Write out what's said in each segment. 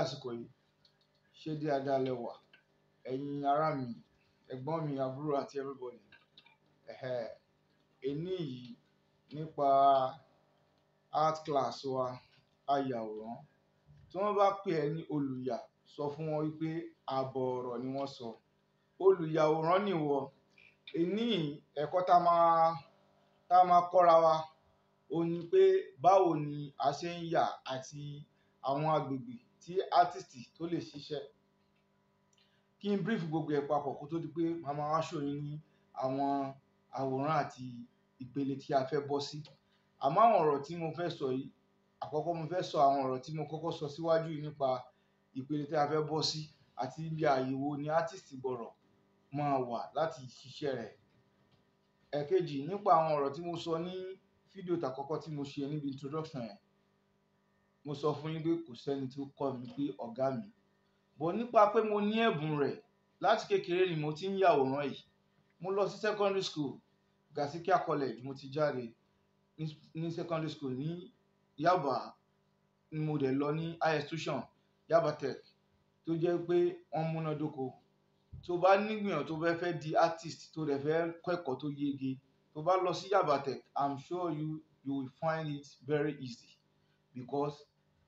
àsìkò yìí ṣé dáadáa lẹ wà ẹ̀yin ará mi ẹ̀gbọ́n mi àbúrò àti everybody ẹni yìí nípa art class wa ayàwòrán tí wọ́n bá pè ẹ́ ní olùyà sọ fún wọn wípé àbọ̀ ọ̀rọ̀ ni wọ́n sọ olùyàwòrán nìwọ ẹni ẹ̀kọ́ tá máa tá máa kọ́ra wa ó ní pé báwo ni a ṣe ń yà àti àwọn agbègbè tí artist tó lè ṣiṣẹ́ kí n brief gbogbo ẹ̀ papọ̀ kó tó di pé màá máa wá ṣòyìn ní àwọn àwòrán àti ìpele tí a fẹ́ bọ́ sí àmọ́ àwọn ọ̀rọ̀ tí mo fẹ́ sọ yìí àkọ́kọ́ mo fẹ́ sọ àwọn ọ̀rọ̀ tí mo kọ́kọ́ sọ síwájú yìí nípa ìpele tí a fẹ́ bọ́ sí àti ibi àyẹ̀wò ni artist gbọ́rọ̀ máa wà láti ṣiṣẹ́ rẹ̀ ẹ̀kejì nípa àwọn ọ̀rọ̀ tí mo sọ ní fídíò tàkọ́kọ́ tí mo ṣe níbi introduction yẹn mo sọ fún yín pé kò sẹ́ni tó kọ́ mi pé ọ̀gá mi bọ̀ nípa pé mo ní ẹ̀bùn rẹ̀ láti kékeré ni mo ti ń yàwòrán yìí mo lọ sí secondary school Gasikia College mo ti jáde ní secondary school ní Yaba ni mo dẹ̀ lọ ní higher institution Yaba Tech tó jẹ́ pé wọ́n múnádóko tó bá nígbìyàn tó fẹ́ fẹ́ di artist tó dẹ̀ fẹ́ kẹ́kọ̀ọ́ tó yege tó bá lọ sí Yaba Tech I'm sure you you will find it very easy because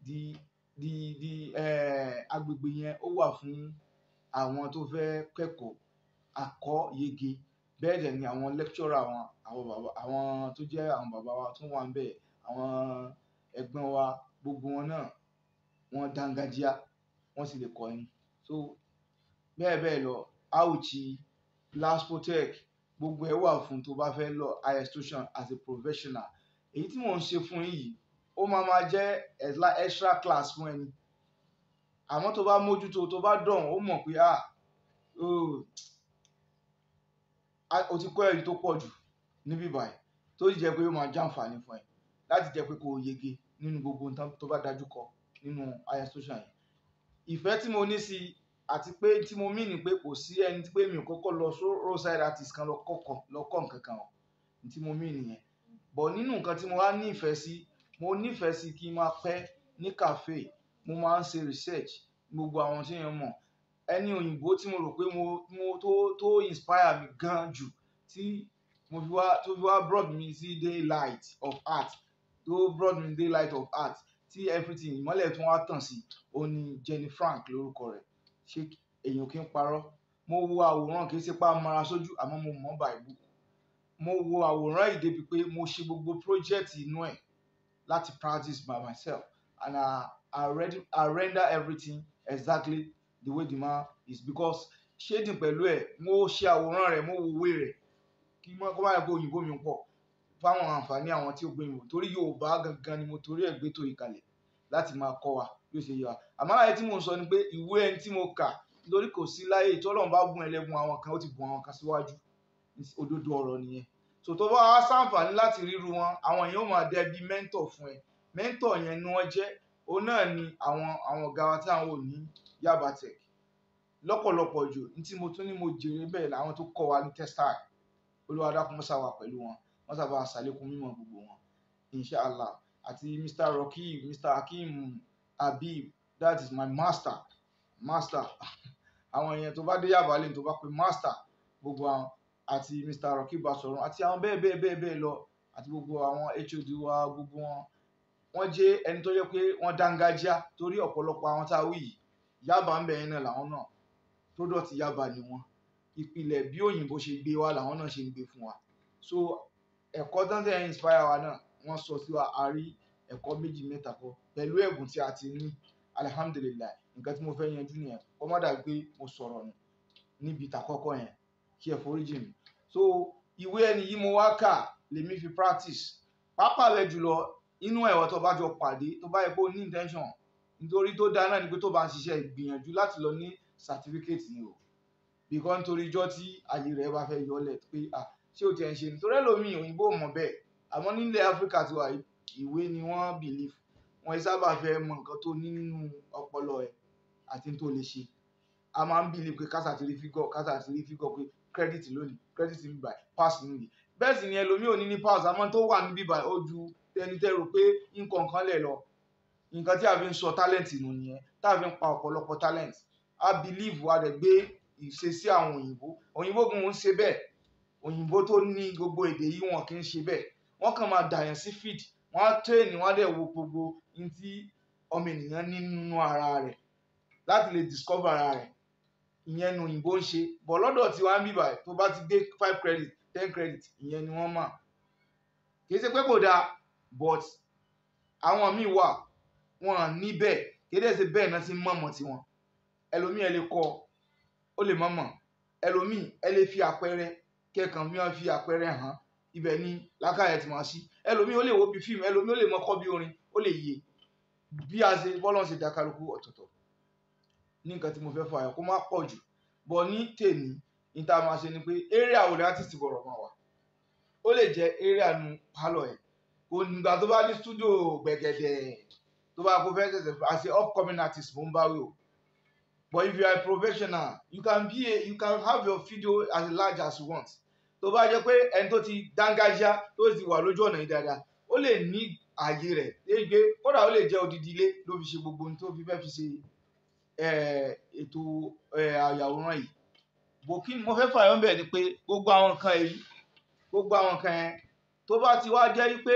the the the eh, agbègbè yẹn ó wà fún àwọn tó fẹ́ kẹ́kọ̀ọ́ àkọ́ yege bẹ́ẹ̀ dẹ̀ ni àwọn lecturer àwọn àwọn bàbá àwọn tó jẹ́ àwọn bàbá wa tó wà ń bẹ̀ àwọn ẹ̀gbọ́n wa gbogbo wọn náà wọ́n dángájíá wọ́n sì lè kọ́ ẹni so bẹ́ẹ̀ bẹ́ẹ̀ lọ auchi laspotech gbogbo ẹ̀ wà fún tó bá fẹ́ lọ higher institution as a professional èyí tí mò ń ṣe fún yìí ó máa máa jẹ́ extra class fún ẹni àmọ́ tó bá mójútó tó bá dọ̀hún ó mọ̀ pé ah, oh, o ti kọ́ ẹ̀rí tó pọ̀ jù níbí báyìí tó jẹ́ pé ó máa jàǹfààní fún ẹ láti jẹ́ pé kò yege nínú gbogbo nǹkan tó bá dájú kọ nínú higher social yìí ìfẹ́ tí mo ní sí i àti pé tí mo mí ni pé kò sí ẹni tí pé mi ò kọ́kọ́ lọ roadside artist kan lọ kọ́kọ́ lọ kọ́ nǹkan kan ọ̀ tí mo mí nìyẹn bọ̀ nínú nǹkan tí mo wá ní ìfẹ́ sí mo nífẹ̀ẹ́ sí kí n máa pẹ́ ní cafe mo máa ń ṣe research gbogbo àwọn tí èèyàn mọ̀ ẹni òyìnbó tí mo rò pé mo, mo tó, tó inspire mi gan jù tí mo fi wá tó fi wá brought mi sí daylight of art tó broad mi daylight of art tí everything ìmọ́lẹ̀ tún wá tàn sí ó ní Jenny Frank lórúkọ rẹ̀ ṣé èèyàn kì í parọ́ mo wo àwòrán kì í ṣe pa mara sójú àmọ́ mo mọ̀ by book mo wo àwòrán yìí débi pé mo ṣe gbogbo project inú ẹ̀ láti practice by myself and I, I, ready, I render everything exactly the way the man is because shading pẹ̀lú ẹ̀ mo ṣe àwòrán rẹ̀ mo wòwe rẹ̀ kí n kó má yẹ kó òyìnbó mi pọ̀ fáwọn àǹfààní àwọn tí ó gbé ìwò torí Yorùbá gangan ni mo torí ẹ̀ gbé tó ìkàlẹ̀ láti máa kọ́ wa bí ó ṣe yẹ wa àmọ́ àyè tí mo sọ ni pé ìwé ẹni tí mo kà lórí kò sí láyé ìtọ́lọ́run bá gún àwọn kan ó ti bùn àwọn kan síwájú òdodo ọ̀rọ̀ nìyẹn so tó bá wá sàǹfààní láti ríru wọn àwọn èèyàn ó máa dẹ bí mẹ́ńtọ̀ fún ẹ mẹ́ńtọ̀ yẹn ni wọ́n jẹ́ òun náà ni àwọn àwọn ọ̀gá wa tí à ń wò ní Yaba Tech lọ́pọ̀lọpọ̀ jù ní tí mo tún ní mo jèrè bẹ́ẹ̀ làwọn tó kọ́ wa ní textile olúwa mọ́sá wa pẹ̀lú wọn wọ́n sábà ṣàlékún mímọ́ gbogbo wọn inshallah àti mr rokeem mr hakeem Abib that is my master master àwọn èèyàn tó bá dé Yaba lẹ́yìn tó bá pe master gbogbo àwọn àti Mr Rocky Basọ̀run àti àwọn bẹ́ẹ̀ bẹ́ẹ̀ bẹ́ẹ̀ bẹ́ẹ̀ lọ àti gbogbo àwọn HOD wa gbogbo wọn wọ́n jẹ́ ẹni tó jẹ́ pé wọ́n dángájá torí ọ̀pọ̀lọpọ̀ àwọn tá a wí yìí yaba ń bẹ yẹn náà làwọn náà product yaba ni wọ́n ìpìlẹ̀ bí òyìnbó ṣe gbé wa làwọn náà ṣe ń gbé fún wa so ẹ̀kọ́ dáńtẹ́ inspire wa náà wọ́n sọ sí wa a rí ẹ̀kọ́ méjì mẹ́ta kọ pẹ̀lú ẹ̀bùn tí a ti ní alihamudulilayi nǹkan tí mo fẹ́ yanjú nìyẹn kọ́ má dàgbé mo sọ̀rọ̀ nù níbi ìtàkọ́kọ́ yẹn kí ẹ foríjì mi so ìwé ẹni yìí mo wá kà lèmi fi practice pápá rẹ jùlọ inú ẹ̀wọ̀ tó bá jọ pàdé tó bá yẹ kó ní intention nítorí tó dáa ni pé tó bá ń ṣiṣẹ́ ìgbìyànjú láti lọ ní certificate ni o bìkọ́ nítorí ijọ́ tí àyè rẹ̀ bá fẹ́ yọlẹ̀ pé à ṣé o tiẹ̀ ń ṣe nítorí ẹlòmíì òyìnbó mọ̀ bẹ́ẹ̀ àmọ́ nílẹ̀ Áfíríkà ti wà ìwé ni wọ́n believe wọn sábà fẹ́ mọ nǹkan tó ní nínú ọpọlọ ẹ̀ àti tó lè ṣe a máa ń believe pé kásà ti rí fígọ̀ kásà ti rí fígọ̀ pé credit lónìí credit ń bì báyìí pass nìyí bẹ́ẹ̀ sì ni ẹlòmíì ò ní ní pass àmọ́ tó wà níbí báyìí ó ju ẹni tẹ́ rò pé nǹkan kan lẹ̀ lọ nǹkan tí a fi ń sọ talent nù nìyẹn tá a fi ń pa ọ̀pọ̀lọpọ̀ talent a believe wa rẹ̀ gbé ìṣesí àwọn òyìnbó òyìnbó gan ń ṣe bẹ́ẹ̀ òyìnbó tó ní gbogbo èdè yìí wọn kì í ṣe bẹ́ẹ̀ wọ́n kàn máa dàyàn sí feed wọ́n á tẹ́ẹ̀nì wọ́n á dẹ̀ wo gbogbo ní ti ọmọ ènìyàn ní nínú ara rẹ̀ láti lè discover ara rẹ̀ ìyẹn nu òyìnbó ń ṣe bọ̀ lọ́dọ̀ tí wàá ń bíbà tó bá ti dé five credit ten credit ìyẹn ni wọ́n mà kì í ṣe pé kò dáa but àwọn míì wà wọn níbẹ̀ kì í dẹ̀ ṣe bẹ́ẹ̀ náà ti mọ̀mọ̀ tiwọn ẹlòmíì ẹ lè kọ́ ó lè mọ̀mọ̀ ẹlòmíì ẹ lè fi àpẹẹrẹ kẹkàn mi fi àpẹẹrẹ hàn ibẹ̀ ni lákàyè tí màá sí ẹlòmíì ó lè wo bí fíìmù ẹlòmíì ó lè mọ kọ́ bí orin ó lè yé bí a ṣe bọ́lọ̀ ṣe dá ọ̀tọ̀ọ̀tọ̀ ní nǹkan tí mo fẹ́ fọ àyàn kó má pọ̀ jù bọ̀ ní tèmi ní tá a máa ṣe ni pé eré àwòrán artist bọ̀rọ̀ máa wà ó lè jẹ́ eré àánú pálọ̀ ẹ̀ kò nígbà tó bá ní studio gbẹ̀gẹ̀dẹ̀ tó bá kó fẹ́ ṣẹ̀ṣẹ̀ as upcoming artist mo ń bá wí o but if you are a professional you can be a you can have your video as large as you want tó bá jẹ́ pé ẹni tó ti dángájá tó ti wà lójú ọ̀nà yìí dáadáa ó lè ní ààyè rẹ̀ dégbé kódà ó lè jẹ́ odidi ilé ló fi ṣe gbogbo ohun tó fi fẹ́ fi ṣe ètò àyàwòrán yìí bò kí mo fẹ́ fàyọ́ bẹ̀ ni pé gbogbo àwọn nǹkan yìí gbogbo àwọn nǹkan yẹn tó bá ti wá jẹ́ wípé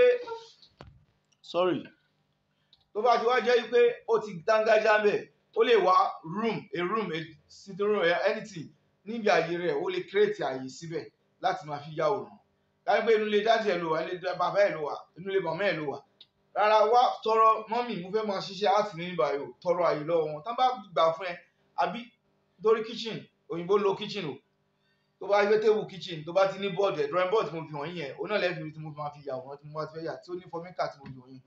sorry tó bá ti wá jẹ́ wípé ó ti dángájá ń bẹ̀ ó lè wá room a room a sitting room anything níbi àyè rẹ̀ ó lè create àyè síbẹ̀ láti máa fi yàwòrán dájú pé inú ilé dájú ẹ̀ ló wà inú ilé bàbá ẹ̀ ló wà inú ilé màmá ẹ̀ ló wà rárá wá tọrọ mọ́mì mo fẹ́ máa ṣiṣẹ́ àti ní ìbàyò tọrọ àyè lọ́wọ́ wọn tán bá gbà fún ẹ àbí torí kitchen òyìnbó lo kitchen o tó bá yẹ table kitchen tó bá ti ní board ẹ drawing board tí mo fi hàn yín yẹn òun náà lẹ́ẹ̀fì tí mo fi máa fi yàwòrán tí mo bá ti fẹ́ yà tí ó ní fọ́míkà tí mo fi hàn yín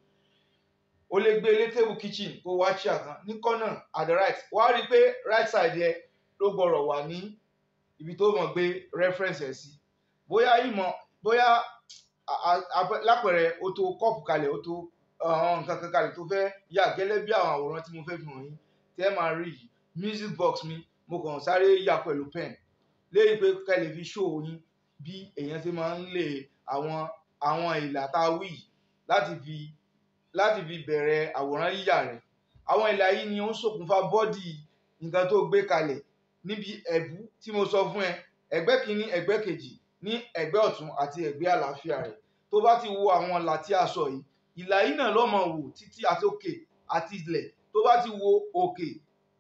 o lè gbé ilé table kitchen kó wá chair kan ní corner at the right wá rí i pé right side yẹ ló gbọ́rọ̀ wà ní ibi tó mọ̀ gbé reference ẹ̀ sí bóyá ìmọ̀ bóyá lápẹ̀rẹ̀ o tó kọ́ọ̀pù kalẹ̀ o tó àwọn nǹkan kan kalẹ̀ tó fẹ́ yà gẹ́lẹ́ bí àwọn àwòrán tí mo fẹ́ fi hàn yín tẹ́ máa rí yìí music box mi mo kàn sáré yà pẹ̀lú pen léyìí pé ká lè fi ṣó yín bí èèyàn ṣe máa ń lè àwọn àwọn ìlà tá a wí yìí láti fi láti fi bẹ̀rẹ̀ àwòrán yíyà rẹ̀ àwọn ìlà yìí ni ó ń ṣokùnfà bọ́dì nǹkan tó gbé kalẹ̀ níbi ẹ̀bú tí mo sọ fún ẹ ẹ̀gbẹ́ kìíní ẹ̀gbẹ́ kejì ní ẹ̀gbẹ́ ọ̀tún àti ẹ̀gbẹ́ àlàáfíà rẹ̀ tó bá ti wo àwọn ìlà tí a sọ yìí ìlà yìí náà lọ́mọ wò títí àti òkè àti ilẹ̀ tó bá ti wo òkè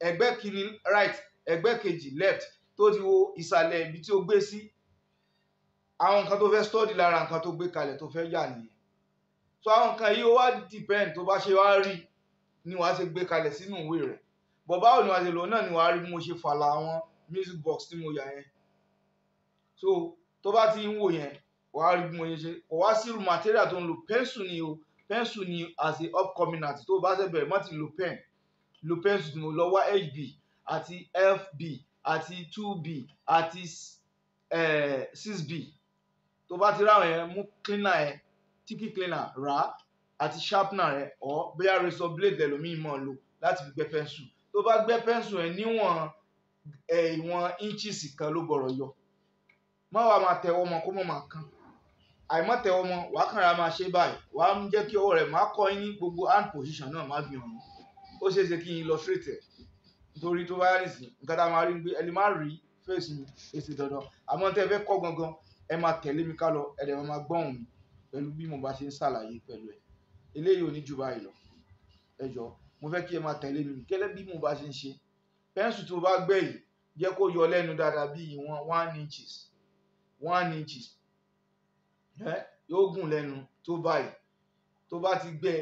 ẹgbẹ́ kìíní right ẹgbẹ́ kejì left tó ti wo ìsàlẹ̀ ibi tí ó gbé sí àwọn nǹkan tó fẹ́ study lára nǹkan tó gbé kalẹ̀ tó fẹ́ yà nìyẹn so àwọn nǹkan yìí ó wá depend tó bá ṣe wá rí ni wàá ṣe gbé kalẹ̀ sínú ìwé rẹ̀ bọ̀ báwo ni wàá ṣe lò náà ni wàá rí bí mo ṣe fàlà àwọn music box tí mo yà yẹn so tó bá ti ń wò yẹn wàá rí bí mo ṣe ṣe kò wá sírù material tó ń lo pencil ni o pencil ni as a upcoming artist tó o bá fẹ́ bẹ̀rẹ̀ má ti lo pen lo pencil mo lọ wá hb àti fb àti 2b àti eh, 6b tó bá ti ráwọn yẹn mú cleaner yẹn tiki cleaner rà á àti sharpener rẹ ọ bóyá razor blade ẹlòmíì mọ̀ lò láti fi gbẹ́ pẹ́ńsù tó bá gbẹ́ pẹ́ńsù ẹ níwọ̀n ẹ ìwọ̀n inches kan ló gbọ́dọ̀ yọ má wàá máa tẹwọ́ mọ́ kó mọ̀ máa kán àìmọ́tẹ̀ ọmọ wàá kànra máa ṣe báyìí wàá jẹ́ kí ọwọ́ rẹ̀ máa kọ́ yín ní gbogbo hand position náà má fi hàn yín ó ṣeé ṣe kí n illustrate ẹ̀ nítorí tó bá nìsín nǹkan tá a máa rí ni pé ẹni máa rí fèsì mi èsì dandan àmọ́ tẹ́ ẹ fẹ́ kọ́ gangan ẹ máa tẹ̀lé mi ká lọ ẹ dẹ̀ máa gbọ́hùn mi pẹ̀lú bí mo bá ṣe ń ṣàlàyé pẹ̀lú ẹ̀ eléyìí ò ní ju báyìí lọ ẹ jọ mo fẹ́ kí ẹ máa tẹ̀lé one inches one inches yóò gùn lẹ́nu tó báyìí tó bá ti gbẹ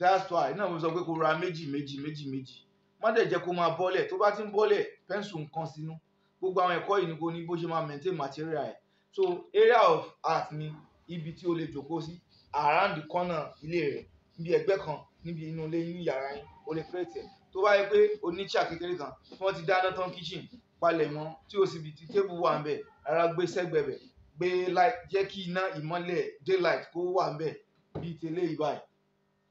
that's why náà mo sọ pé kó ra méjì méjì méjì méjì má dẹ̀ jẹ́ kó máa bọ́lẹ̀ tó bá ti ń bọ́lẹ̀ pẹ́ńsù nǹkan sínú gbogbo àwọn ẹ̀kọ́ yìí ni kò ní bó ṣe máa maintain material ẹ̀ so area of art ni ibi tí o lè jókòó sí around the corner ilé rẹ níbi ẹgbẹ́ kan níbi inú ilé inú yàrá yín o lè create ẹ̀ tó bá yẹ pé o ní chair kékeré kan tí wọ́n ti dáná tán kitchen palẹ̀mọ́ tí o sì bi ti table wà ń bẹ̀ rárá gbé sẹ́gbẹ̀ẹ́ bẹ̀ gbé light jẹ́ kí iná ìmọ́lẹ̀ daylight kó wà ń bẹ̀ bíi tẹ́lẹ̀ yìí báyìí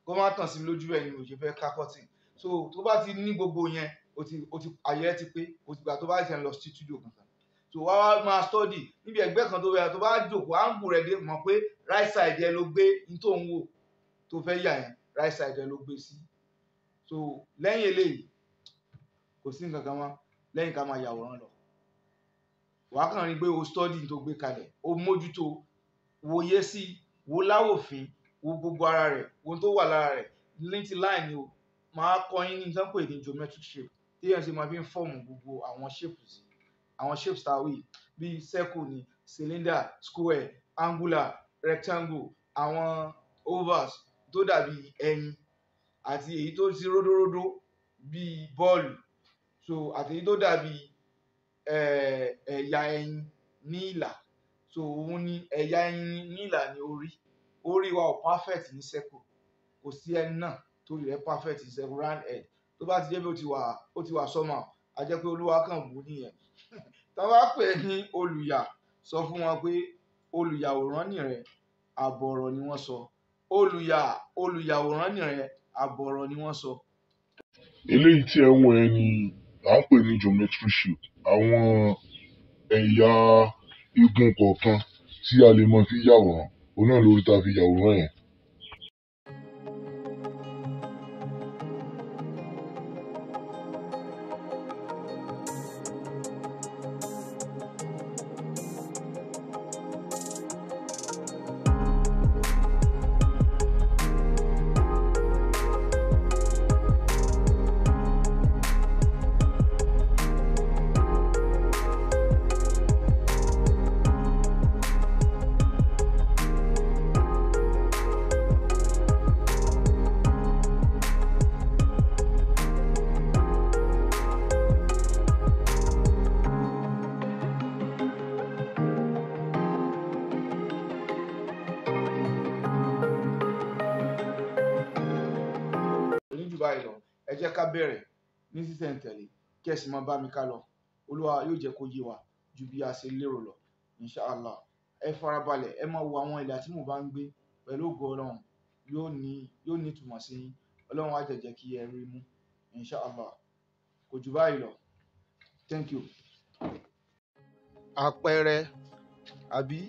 kó má tàn sí mi lójú ẹ̀ ni mo ṣe fẹ́ ká curtain so tó bá ti ní gbogbo yẹn o ti o ti àyè ti pé o ti gbà tó bá ti lọ sí studio kankan so wá wá máa study níbi ẹgbẹ́ kan tó bẹ tó bá jòkó áńgù rẹ̀ dé mọ̀ pé right side ẹ ló gbé ní tó ń wò tó fẹ́ yà yẹn right side ẹ ló gbé sí so lẹ́yìn eléyìí kò sí nǹkan kan mọ́ lẹ́yìn ká máa yàwòrán lọ wàá kàn rí pé o study tó gbé kalẹ̀ o mójútó wo yé sí wo láwòfin wo gbogbo ara rẹ̀ wo tó wà lára rẹ̀ linty line ni o máa kọ́ yín ní nǹkan pè ní geometric shape téèyàn sì máa fi ń fọ́ọ̀mù gbogbo àwọn shapes sí àwọn shapes tá a wí bíi circle ni cylinder square angular rectangle àwọn ovals tó dàbí ẹyin àti èyí tó ti ródóródó bíi bọ́ọ̀lù so àti èyí tó dàbí Eh, ẹ̀yà ẹyin ní ìlà so òun ni ẹ̀yà ẹyin ní ìlà ni orí orí wa ò perfect ní circle kò sí ẹni náà torí rẹ̀ perfect ní circle round head tó bá ti dé bí ó ti wà ó ti wà sọ́mà á jẹ́ pé olúwa kàn wù ú nìyẹn tá a bá pè é ní olùyà sọ fún wọn pé olùyàwòrán nìrẹ̀ àbọ̀rọ̀ ni wọ́n sọ olùyà olùyàwòrán nìrẹ̀ àbọ̀rọ̀ ni wọ́n sọ. eléyìí tí ẹ ń wọ ẹni là ń pè ní geometry shape. Àwọn ẹ̀yà eh, igun kọ̀ọ̀kan tí a lè máa fi yàwòrán, òun náà lórí ta fi yàwòrán yẹn. jẹ́ ká bẹ̀rẹ̀ ní sísẹ̀ntẹ̀lé kí ẹ sì máa bá mi ká lọ olúwa yóò jẹ́ kó yé wa ju bí a ṣe lérò lọ inshàlá ẹ farabalẹ̀ ẹ máa wo àwọn ìlà tí mo bá ń gbé pẹ̀lú ògo ọlọ́run yóò ní yóò ní ìtumọ̀ sí yín ọlọ́run á jẹ̀jẹ̀ kí ẹ rí mú inshàlá kò jù báyìí lọ thank you. àpẹẹrẹ àbí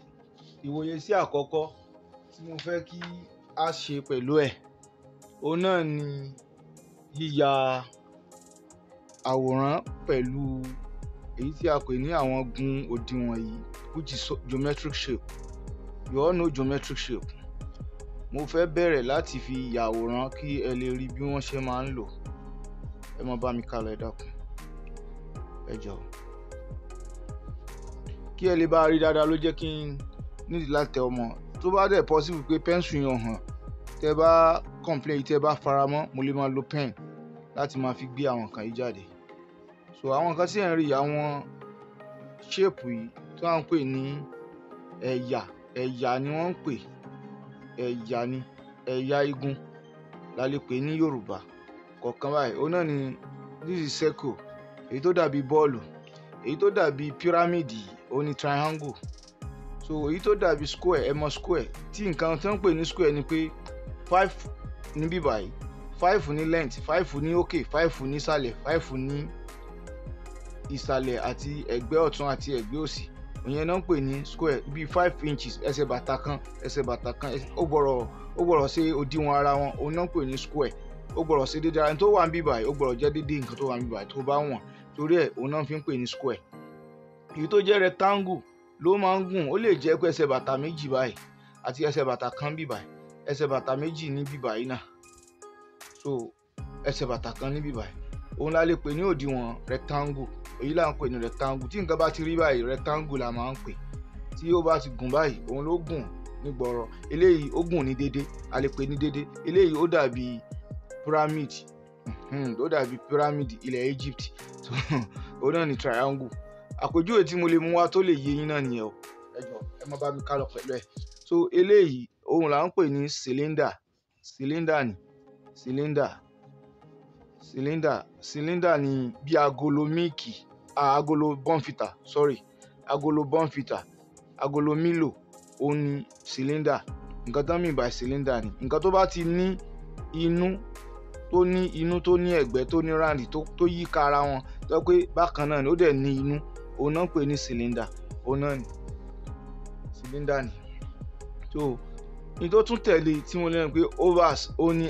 ìwòye sí àkọ́kọ́ tí mo fẹ́ kí a ṣe pẹ̀lú ẹ̀ òun náà ni yíya àwòrán pẹ̀lú èyí tí a pè ní àwọn gun òdiwọ̀n yìí which is geometric shape you all know geometric shape mo fẹ́ bẹ̀rẹ̀ láti fi ya àwòrán kí ẹ lè rí bí wọ́n ṣe máa ń lò ẹ má bá mi kálọ ẹ dákun ẹ jọ̀ọ́ kí ẹ lè bá rí dáadáa ló jẹ́ kí n nídìí láti tẹ ọmọ tó bá dẹ̀ possible pé pẹ́ńsù yẹn hàn tẹ́ bá complain yìí tẹ́ bá faramọ́ mo lè máa lo pen láti máa fi gbé àwọn nǹkan yìí jáde so àwọn nǹkan tí ẹ̀ ń rí àwọn shape yìí tí wọ́n ń pè ní ẹ̀yà ẹ̀yà ni wọ́n ń pè ẹ̀yà ni ẹ̀yà igun la lè pè ní Yorùbá kọ̀ọ̀kan báyìí òun náà ni this is circle èyí tó dàbí bọ́ọ̀lù èyí tó dàbí pírámìdì òun ni triangle so èyí tó dàbí square ẹ mọ̀ square tí nǹkan tó ń pè ní square ni pé five ní bíbáyìí five ní length five ní òkè five ní ìsàlẹ̀ five ní ìsàlẹ̀ àti ẹ̀gbẹ́ ọ̀tún àti ẹ̀gbẹ́ òsì ìyẹn náà ń pè ní square bíi five inches ẹsẹ̀ bàtà kan ẹsẹ̀ bàtà kan ó gbọ́rọ̀ ó gbọ́rọ̀ sí òdiwọ̀n ara wọn òun náà ń pè ní square ó gbọ́rọ̀ sí dédé ara tó wà ń bíbáyìí ó gbọ́rọ̀ jẹ́ dédé nǹkan tó wà ń bíbáyìí tó bá wọ̀n torí ẹ̀ òun náà fi ń pè ní square èyí tó jẹ́ rectangle ló máa ń gùn ó lè jẹ́ pé ẹsẹ̀ bàtà méjì báyìí àti ẹsẹ̀ bàtà kan bíbáyìí ẹsẹ̀ bàtà méjì níbí báyìí náà so ẹsẹ̀ bàtà kan níbí báyìí òun la lè pè ní òdiwọ̀n rectangle èyí là ń pè ní rectangle tí nǹkan bá ti rí báyìí rectangle la máa ń pè tí ó bá ti gùn báyìí òun ló gùn ní gbọrọ eléyìí ó gùn ní dédé a lè pè ní dédé eléyìí ó dàbí pyramid hmm, ó dàbí pyramid ilẹ̀ Egypt ó náà ní triangle àpèjúwe tí mo lè mú wá tó lè yé yín náà nìyẹn o ẹ jọ ẹ má bá mi ká lọ pẹ̀lú ẹ so eléyìí ohun la ń pè ní silinda cylinder ni silinda silinda silinda ni bí agolo míìkì agolo bonfita sorry agolo bonfita agolo milo ó ni silinda nǹkan tán mìíràn by ni nǹkan tó bá ti ní inú tó ní inú tó ní ẹ̀gbẹ́ tó ní ráǹdì tó yí kara wọn tó pé bákan náà ni ó dẹ̀ ní inú òun náà ń pè ní cylinder òun náà ni silinda ni so ní tó tún tẹ̀lé tí wọ́n lẹ́nu pé overs ó ní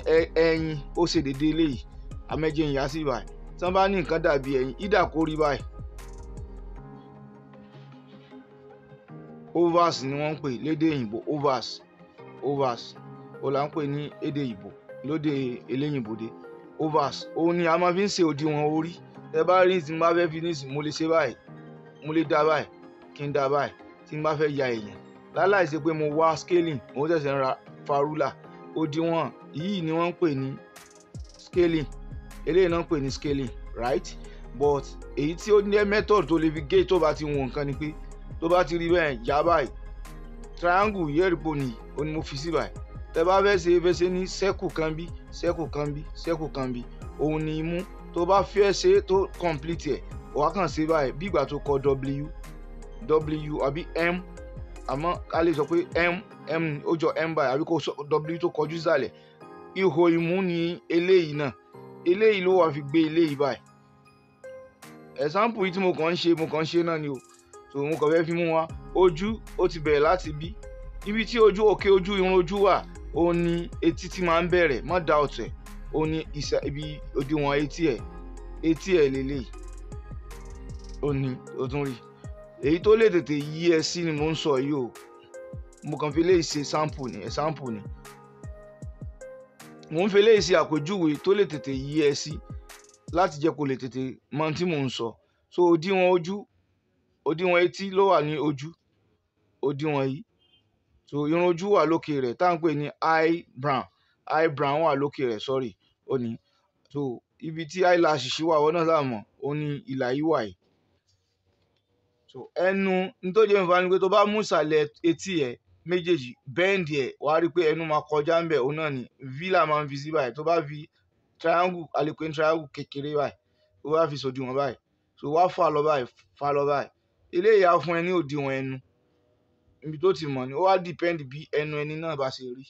ẹyin ó ṣe dédé léyìí amẹ́jẹ ìyá sí báyìí tí wọ́n bá ní nǹkan dàbí ẹyin ìdà kó rí báyìí overs ni wọ́n ń pè lédè òyìnbó overs overs ó là ń pè ní èdè òyìnbó lóde eléyìnbòde overs òun ni a máa fi ń ṣe òdiwọ̀n orí ẹ bá rí tí mo bá fẹ́ fi ní ìsìn mo lè ṣe báyìí mo lè dá báyìí kí n dá báyìí tí mo bá fẹ́ ya èèyàn láláì ṣe pé mo wá scaling mo ṣẹ̀ṣẹ̀ ń ra farula òdiwọ̀n yìí ni wọ́n ń pè ní scaling eléyìí náà ń pè ní scaling right but èyí tí ó ní method tó lè fi gé tó bá ti wọn nǹkan ni pé tó bá ti rí bẹ́ẹ̀ yá báyìí triangle yẹ́rìpò nìyí ó ní mo fi sí báyìí tẹ́ bá fẹ́ ṣe fẹ́ ṣe ní sẹ́kù kan bí sẹ́kù kan bí sẹ́kù kan bí òun ni imú tó bá fẹ́ ṣe tó complete ẹ̀ wá kàn ṣe báyìí bí ìgbà tó kọ w w àbí m àmọ́ a lè sọ pé m m ó jọ m báyìí àbí kó w tó kọjú sísàlẹ̀ ihò imú ni eléyìí náà eléyìí ló wà fi gbé eléyìí báyìí ẹ̀sáǹpù yìí tí mo kàn ń ṣe mo kàn ń ṣe náà ni o so mo kàn fẹ́ fi mú wa ojú ó ti bẹ̀rẹ̀ láti bí ibi tí ojú òkè ojú irun ojú wà ó ní etí tí máa ń bẹ̀rẹ̀ má da ọ̀tẹ̀ ó ní ibi òdiwọ̀n etí ẹ̀ etí ẹ̀ lélẹ́yìí ó ní o tún rí i èyí tó lè tètè yí ẹ sí ni mo ń sọ yìí o mo kàn fi léyìí ṣe sample ni sample ni mo ń fi léyìí ṣe àpèjúwe tó lè tètè yí ẹ sí láti jẹ́ kó lè tètè mọ tí mo ń sọ so òdiwọ̀n ojú òdiwọ̀n etí ló wà ní ojú òdiwọ̀n yìí so irun ojú wà lókè rẹ̀ tá à ń pè ní eye brown eye brown wà lókè rẹ̀ sorry ó ní so ibi tí eyelash ṣì wà wọ́n náà láàmú ó ní ìlà yìí wà yìí so ẹnu nítorí jẹ́ ìfọwọ́ni pé tó bá mú ìsàlẹ̀ etí ẹ̀ méjèèjì bẹ́ẹ̀ndì ẹ̀ wàá rí i pé ẹnu máa kọjá ń bẹ̀ òun náà ni v là máa ń fi sí báyìí tó bá fi triangle alipẹ́ triangle kékeré báyìí tó bá fi sòdiwọ̀n báyìí so wá fà lọ báyìí fà lọ báyìí eléyìí fún ẹ ní òdiwọ̀n ẹnu ibi tó ti mọ̀ ni ó wá dìpẹ́ndì bí ẹnu ẹni náà bá ṣe rí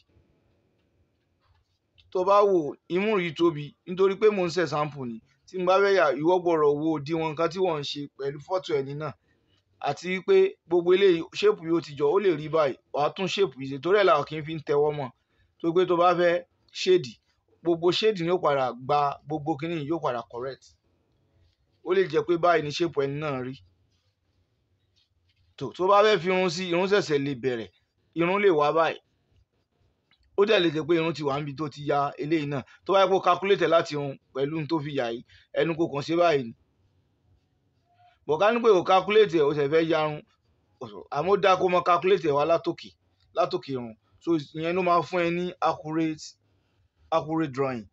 tó bá wò imú rí tóbi nítorí pé mò ń ṣe sample ni tí mo bá fẹ́ yà ìwọ wo òdiwọ̀n nǹkan tí wọ́n ń ṣe pẹ̀lú fọ́tò ẹni náà àti pé gbogbo eléyìí ṣépù yóò ti jọ ó lè rí báyìí wàá tún ṣépù yìí ṣe torí ẹ̀ làwọn kì í fi ń tẹwọ́ mọ̀ tó pé tó bá fẹ́ ṣèdì gbogbo ṣéèdì ni yóò padà gba gbogbo kíní yóò padà correct ó lè jẹ́ pé báyìí ni ṣépù ẹni náà rí tó tó bá fẹ́ fi irun sí irun ṣẹ̀ṣẹ̀ lè bẹ̀rẹ̀ irun lè wá báyìí ó dẹ̀ lè jẹ́ pé irun ti wà níbi tó ti ya eléyìí náà tó bá yẹ kó calculate láti irun pẹ̀lú tó fi yà yìí ẹnu kò kàn ṣe báyìí bọ̀ ká ní pé ò calculate ẹ̀ ó ṣe fẹ́ yarun àmọ́ dá kó mọ calculate ẹ̀ wá látòkè látòkè irun so ìyẹn ló máa fún ẹ ní accurate accurate drawing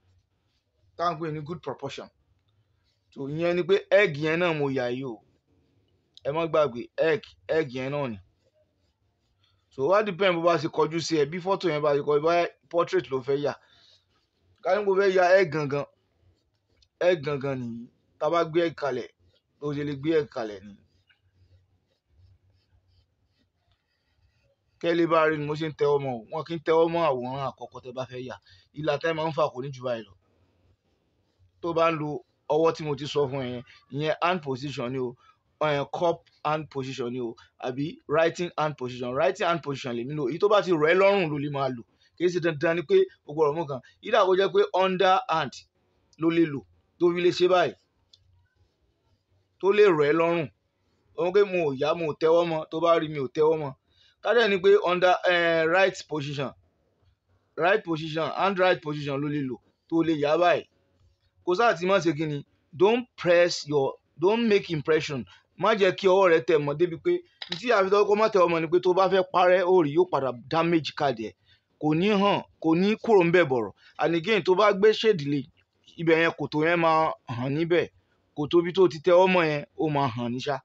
tá à pè ní good proportion so ìyẹn ni pé egg yẹn náà mo yà yìí o ẹ má gbàgbé egg egg yẹn náà ni so wá depend bó bá ṣe kọjú sí ẹ bí fọ́tò yẹn bá ṣe kọjú bá portrait ló fẹ́ yà ká ní kó fẹ́ ya egg gangan egg gangan nìyí tá a bá gbé egg kalẹ̀ bó ṣe lè gbé ẹ̀ kalẹ̀ ni. kẹ́lẹ́ bá rí ni mo ṣe ń tẹ́wọ́ mọ́ wọn kì í tẹ́wọ́ mọ́ àwòrán àkọ́kọ́ tẹ́ bá fẹ́ yà ìlà tẹ́ máa ń fà kò ní jù báyìí lọ tó bá ń lo ọwọ́ tí mo ti sọ fún ẹ ìyẹn hand position ni o uh, cup hand position ni o àbí writing hand position writing hand position lèmi lò èyí tó bá ti rọ̀ ẹ́ lọ́rùn ló lè máa lò kì ṣe dandan ni pé o gbọ́dọ̀ mú kan ìdá kó pé under hand ló lè lò tó fi lè ṣe báyìí tó lè rọ̀ ẹ́ lọ́rùn òun pé mo ò yá mo ò tẹ́wọ́ mọ́ tó bá rí mi ò tẹ́wọ́ mọ́ kádẹ́ ni pé under eh, right position right position and right position ló lè lò tó lè yá báyìí kò sáà tí mọ̀ ṣe kí ni don't press your don't make impression má jẹ́ kí ọwọ́ rẹ tẹ̀ mọ́ débi pé tí àfi tọ́kọ́ má tẹ̀ ọmọ ni pé tó bá fẹ́ parẹ́ ó rí yóò padà damage card ẹ̀ kò ní hàn kò ní kúrò ń bẹ̀ bọ̀rọ̀ and again tó bá gbé ṣèdílé ibẹ̀ yẹn kòtò yẹn máa hàn níbẹ̀ kòtò ibi tó ti tẹwọ́ mọ́ yẹn ó máa hàn níṣà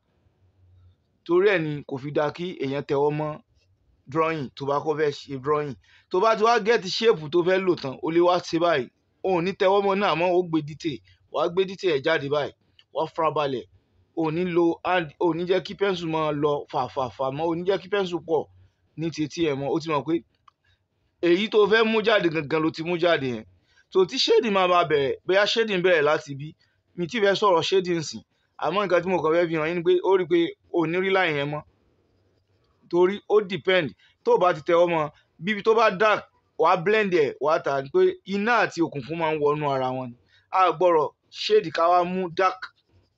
torí ẹ̀ ni kò fi da kí èèyàn tẹwọ́ mọ́ drawing tó bá kọ́ fẹ́ ṣe drawing tó bá ti wá get shape tó fẹ́ lò tán ó lè wá ṣe báyìí òun ní tẹwọ́ mọ́ náà mọ́ ó gbé detail wá gbé detail ẹ̀ jáde báyìí wá farabalẹ̀ ò ní lo ò ní jẹ́ kí pẹ́ńsù máa lọ fàfàfà mọ́ ò ní jẹ́ kí pẹ́ńsù pọ̀ ní tètè ẹ̀ mọ́ ó ti mọ̀ pé èyí tó fẹ́ mú jáde gangan ló ti mú jáde yẹn tó tí máa bá bẹ̀rẹ̀ bóyá ṣéèdì bẹ̀rẹ̀ láti bí mi ti fẹ́ sọ̀rọ̀ shade nsìn àmọ́ nǹkan tí mo kàn fẹ́ fi hàn yín ni pé ó rí i pé ò ní rí láì yẹn mọ́ torí ó depend tó o bá ti tẹ̀wọ́ mọ́ bíbi tó bá dark wà á blend ẹ̀ wà á tà ní pé iná àti òkùnkùn máa ń wọnú ara wọn ni a gbọ́rọ̀ shade ká wá mú dark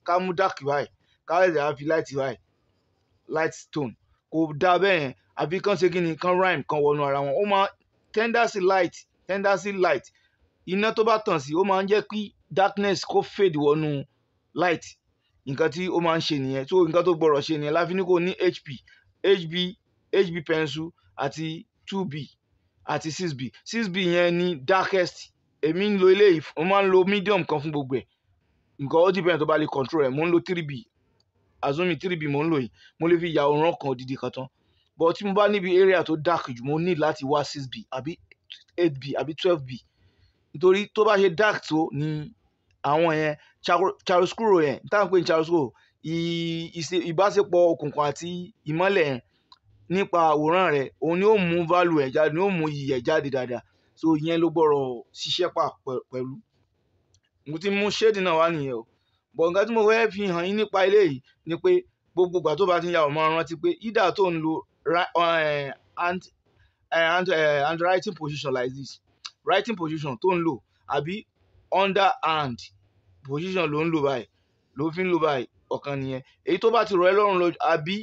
ká mú dark báyìí ká lè fi light báyìí light stone kò da bẹ́ẹ̀ yẹn àbí kán ṣe kí kán rhyme kan wọnú ara wọn ó máa tendency light tendency light iná tó bá tàn sí ó máa ń jẹ́ kí darkness kó fade wọnú light nǹkan tí ó máa ń ṣe nìyẹn so nǹkan tó gbọ́rọ̀ ṣe nìyẹn láfi ní hp hb hb pencil àti 2b àti 6b 6b yẹn ni darkest èmi ń lo eléyìí mo máa ń lo medium kan fún gbogbo ẹ̀ nǹkan ó dìbẹ̀rẹ̀ tó bá lè control ẹ̀ mo ń lo 3b azumi 3b mo ń lò yìí mo lè fi ya òòrùn kan òdìdí kan tán but tí mo bá níbi area tó dark jù mo need láti wá 6b àbí 8b àbí 12b nítorí tó bá ṣe dark tó ni àwọn yẹn chiaroscuro yẹn tá à pè ní chiaroscuro ìbáṣepọ̀ òkùnkùn àti ìmọ́lẹ̀ yẹn nípa àwòrán rẹ̀ òun ni ó mú value ẹ̀ jáde ni ó mú iyì ẹ̀ jáde dáadáa so ìyẹn ló gbọ́rọ̀ ṣiṣẹ́ pà pẹ̀lú mo ti mú ṣéèdì náà wá nìyẹn o bọ̀ nǹkan tí mo fẹ́ fi hàn yín nípa eléyìí ni pé gbogbo ìgbà tó bá ti ń ya ọ̀mọ́ rántí pé ìdá tó ń lo handwriting position like this writing position tó ń lò àbí under hand position ló ń lò báyìí ló fi ń lò báyìí ọ̀kan nìyẹn èyí tó bá ti rọ̀ ẹ́ lọ́rùn lọ àbí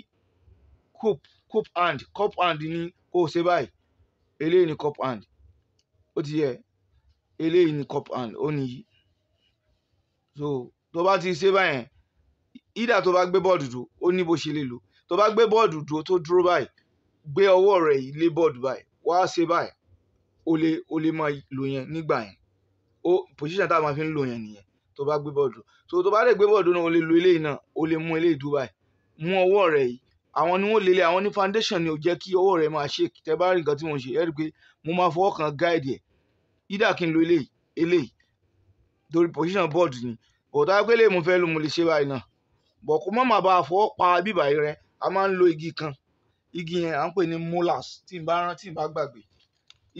cup cup hand cup hand ni kò ṣe báyìí eléyìí ni cup hand ó ti yẹ eléyìí ni cup hand ó nìyí so tó bá ti ṣe báyẹn ìdá tó bá gbé bọ́ọ̀dù dúró ó ní bó ṣe lè lò tó bá gbé bọ́ọ̀dù dúró tó dúró báyìí gbé ọwọ́ rẹ̀ yìí lé bọ́ọ̀dù báyìí wá ṣe báyìí o lè o lè máa lò yẹn nígbà yẹn o position tá a máa fi ń lò yẹn nìyẹn tó bá gbé bọ́ọ̀dù so tó bá dẹ̀ gbé bọ́ọ̀dù náà o lè lo eléyìí náà o lè mú eléyìí Dubai mú ọwọ́ rẹ̀ yìí àwọn ni wọ́n lélẹ̀ àwọn ní foundation ni ò jẹ́ kí ọwọ́ rẹ̀ máa ṣe tẹ́ bá rí nǹkan tí mo ṣe ẹ pé mo máa fọwọ́ kan guide ẹ̀ either kí n lo eléyìí eléyìí torí position bọ́ọ̀dù ni òtá pé lè mo fẹ́ lo mo lè ṣe báyìí náà bọ̀ kó má má bàa fọwọ́ pa bíbà yìí rẹ a máa ń lo igi kan igi yẹn à ń pè ní molars tí n bá rán tí n bá gbàgbé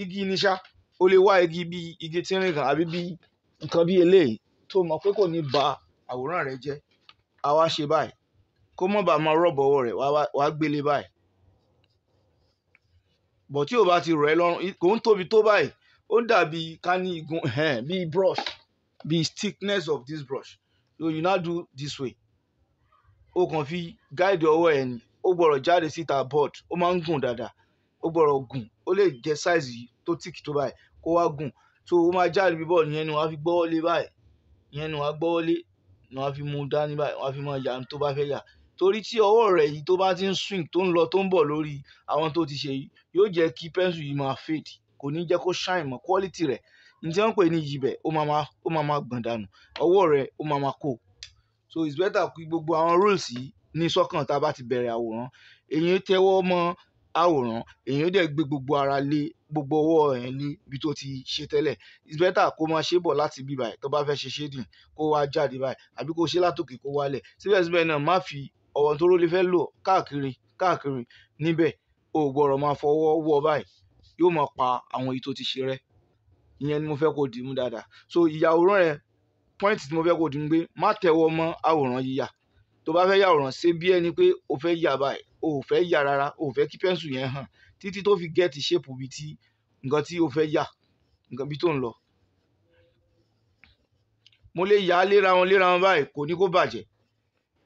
igi ni ṣá o lè wá igi bíi igi tínrín kan àbí bíi nǹkan bíi eléyìí tó mọ̀ pé kò ní ba àwòrán rẹ jẹ́ a wá ṣe báyìí kó mọ̀ bá máa rọ̀bọ̀ ọwọ́ rẹ̀ wá gbélé báyìí bọ̀ tí ò bá ti rọ̀ ẹ́ lọ́rùn kò ń tóbi tó báyìí ó dàbí ká ní igun bí brush bí thickness of this brush so you now do this way o kàn fi guide ọwọ́ ẹ̀ ni ó gbọ́dọ̀ jáde síta board ó máa ń gùn dáadáa ó gbọ́dọ̀ gùn ó lè jẹ́ size yìí tó tìkì tó báyìí kó wá gùn so ó máa jáde bí bọ́ọ̀lù yẹn ni wọ́n á fi gbọ́wọ́ lé báyìí Ìyẹn ni wàá gbọ́wọ́lé, ni wàá fi mú dání báyìí, wàá fi máa yà n tó bá fẹ́ yà. Torí tí ọwọ́ rẹ yìí tó bá ti ń swing, tó ń lọ, tó ń bọ̀ lórí àwọn tó ti ṣe yìí, yóò jẹ́ kí pencil yìí máa fade, kò ní jẹ́ kó shine mọ́. Quality rẹ̀, ohun tí wọ́n ń pè ní iyìbẹ̀, ó máa ma, ó máa ma gbọ̀n dànù. Ọwọ́ rẹ ó máa ma kó. So it's better kí gbogbo àwọn rules yìí ní sọ́kàn tí a bá ti bẹ̀rẹ̀ àwòrán. Èèyàn tẹ́wọ́ mọ́ àwòrán, èèyàn dẹ̀ gbé gbogbo ara lé gbogbo ọwọ́ rẹ̀ ní ibi tó ti ṣe tẹ́lẹ̀ it's better kó máa ṣe bọ̀ láti bí báyìí tó bá fẹ́ ṣe shading kó wá jáde báyìí àbí kó ṣe látòkè kó wálẹ̀ síbẹ̀síbẹ̀ náà má fi ọ̀wọ́ tó rólé fẹ́ lò káàkiri káàkiri níbẹ̀ o gbọ́dọ̀ máa fọwọ́ wọ báyìí yóò máa pa àwọn èyí tó ti ṣe rẹ́ ìyẹn ni mo fẹ́ kó dì dáadáa so ìyàwòrán rẹ point tí mo fẹ́ kó dì mú pé má tẹ̀wọ́ mọ́ àwòrán yíyà tó bá fẹ́ yàwòrán ṣe bí ẹni pé o fẹ́ yà báyìí o ò fẹ́ yà rárá o ò fẹ́ kí pẹ́ńsù yẹn hàn títí tó fi gẹ́ẹ̀tì ṣépù bíi ti nǹkan tí o fẹ́ yà nǹkan bíi tó ń lọ. mo lè yà á léra wọn léra wọn báyìí kò ní kó bàjẹ́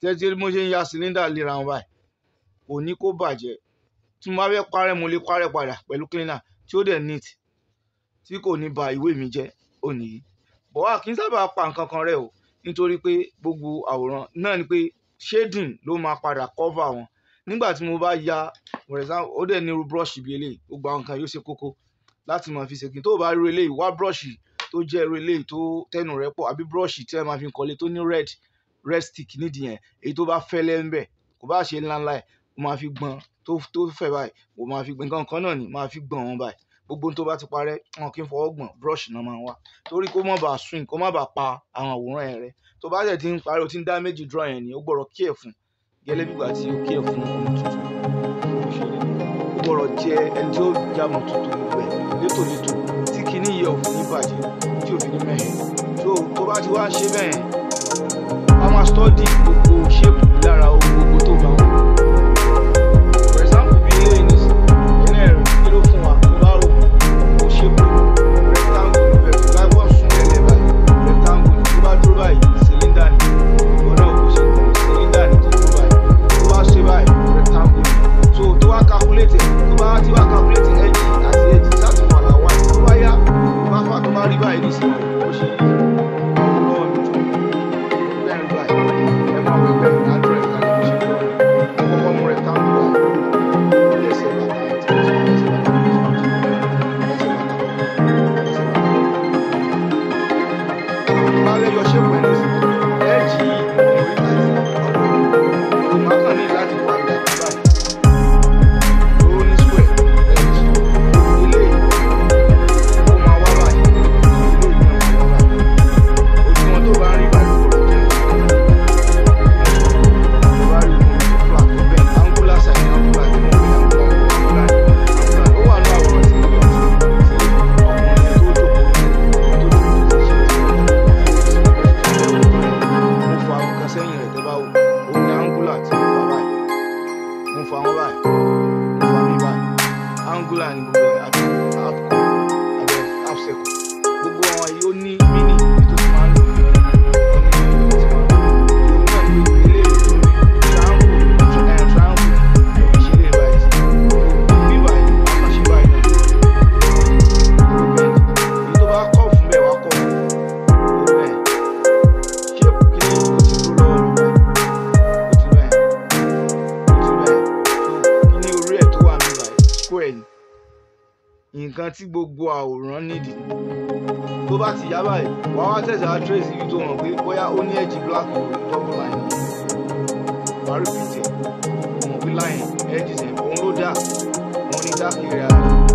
tẹ́tí mo ṣe ń ya sílíndà léra wọn báyìí kò ní kó bàjẹ́ tí mo bá fẹ́ parẹ́ mo lè parẹ́ padà pẹ̀lú cleaner tí ó dẹ̀ neat tí kò ní ba ìwé mi jẹ́ òní yìí bọ́wá kì í sábà pa nǹkan kan rẹ̀ o nítorí pé gbogbo àwòrán náà ni pé shading ló máa padà cover wọn nígbà tí mo bá ya ó dẹ̀ ní irú búrọ́ọ̀ṣì bíi eléyìí gbogbo àwọn nǹkan yóò ṣe kókó láti máa fi ṣègbín tó o bá rí eléyìí wá búrọ́ọ̀ṣì tó jẹ́ irú eléyìí tó tẹnu rẹ̀ pọ̀ àbí búrọ́ọ̀ṣì tí wọ́n máa fi ń kọ́lé tó ní red red stick nídìí yẹn èyí tó bá fẹ́lẹ́ ń bẹ̀ kò bá ṣe ńláńlá ẹ̀ o máa fi gbọ́n tó tó fẹ̀ báyìí o máa fi gbọ́n nǹkan náà ni máa fi gbọ́n wọn báyìí gbogbo tó bá ti parẹ́ wọn kì í fọwọ́ gbọ̀n búrọ́ọ̀ṣì náà máa wá torí kó má bàa swing kó má bàa pa àwọn àwòrán yẹn rẹ tó bá tẹ̀ ti ń parí o ti ń dá méjì draw yẹn ni ó gbọ́dọ̀ kí ẹ̀ fún un gẹ́lẹ́ bí ìgbà tí ó fún ọmọ tuntun òṣèré gbọ́dọ̀ jẹ ẹni tí ó já ọmọ tuntun gbẹ létòlétò tí kinní yẹ òfin ní bàjẹ́ tí òfin ní mẹ́rin tó tó bá ti wá ṣe bẹ́ẹ̀ a máa stọ́dì gbogbo ṣépù lára ohun gbogbo tó bá wù. wá calculate tó bá ti wá calculate eighty àti eighty thirty one and one tó bá yá bá fà tó bá rí báyìí nísìnyí ó ṣe é. trace our trace you tó hàn pé bóyá ó only ẹ̀jì black hole double line I repeat it. mọ̀ line edges ẹ̀ òun ló dá wọn ní dark area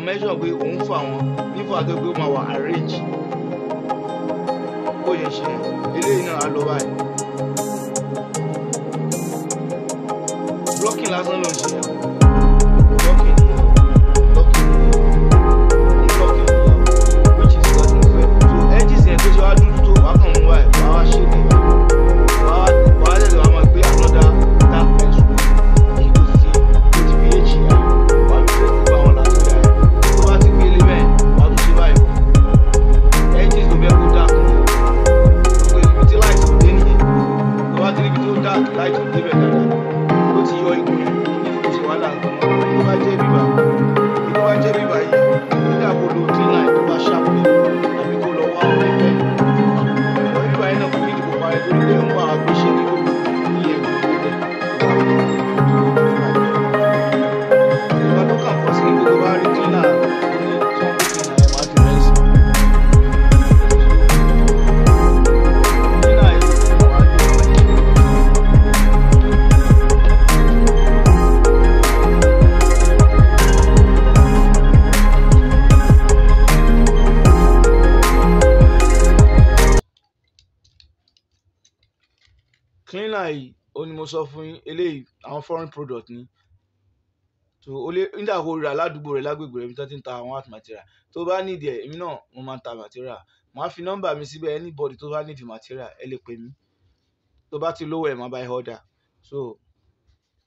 kan mention pé òun fún àwọn nífọ̀ àti pé ó máa wà arrange bó ṣe ṣe eléyìí náà á lọ báyìí. blocking lásán ló ń ṣe yàrá. wá dúdú tó wá kàn mú wá ẹ̀ wá wá ṣe ni mo sọ fún yín eléyìí àwọn foreign product ni so o lè nígbà kó rà ládùúgbò rẹ lágbègbè rẹ ibi tó ti ń ta àwọn art material tó bá need ẹ èmi náà mo máa ń ta material màá fi nọ́mbà mi síbẹ̀ anybody tó bá nídìí material ẹ lè pè mí tó bá ti lówó ẹ máa bá ẹ ọ̀dà so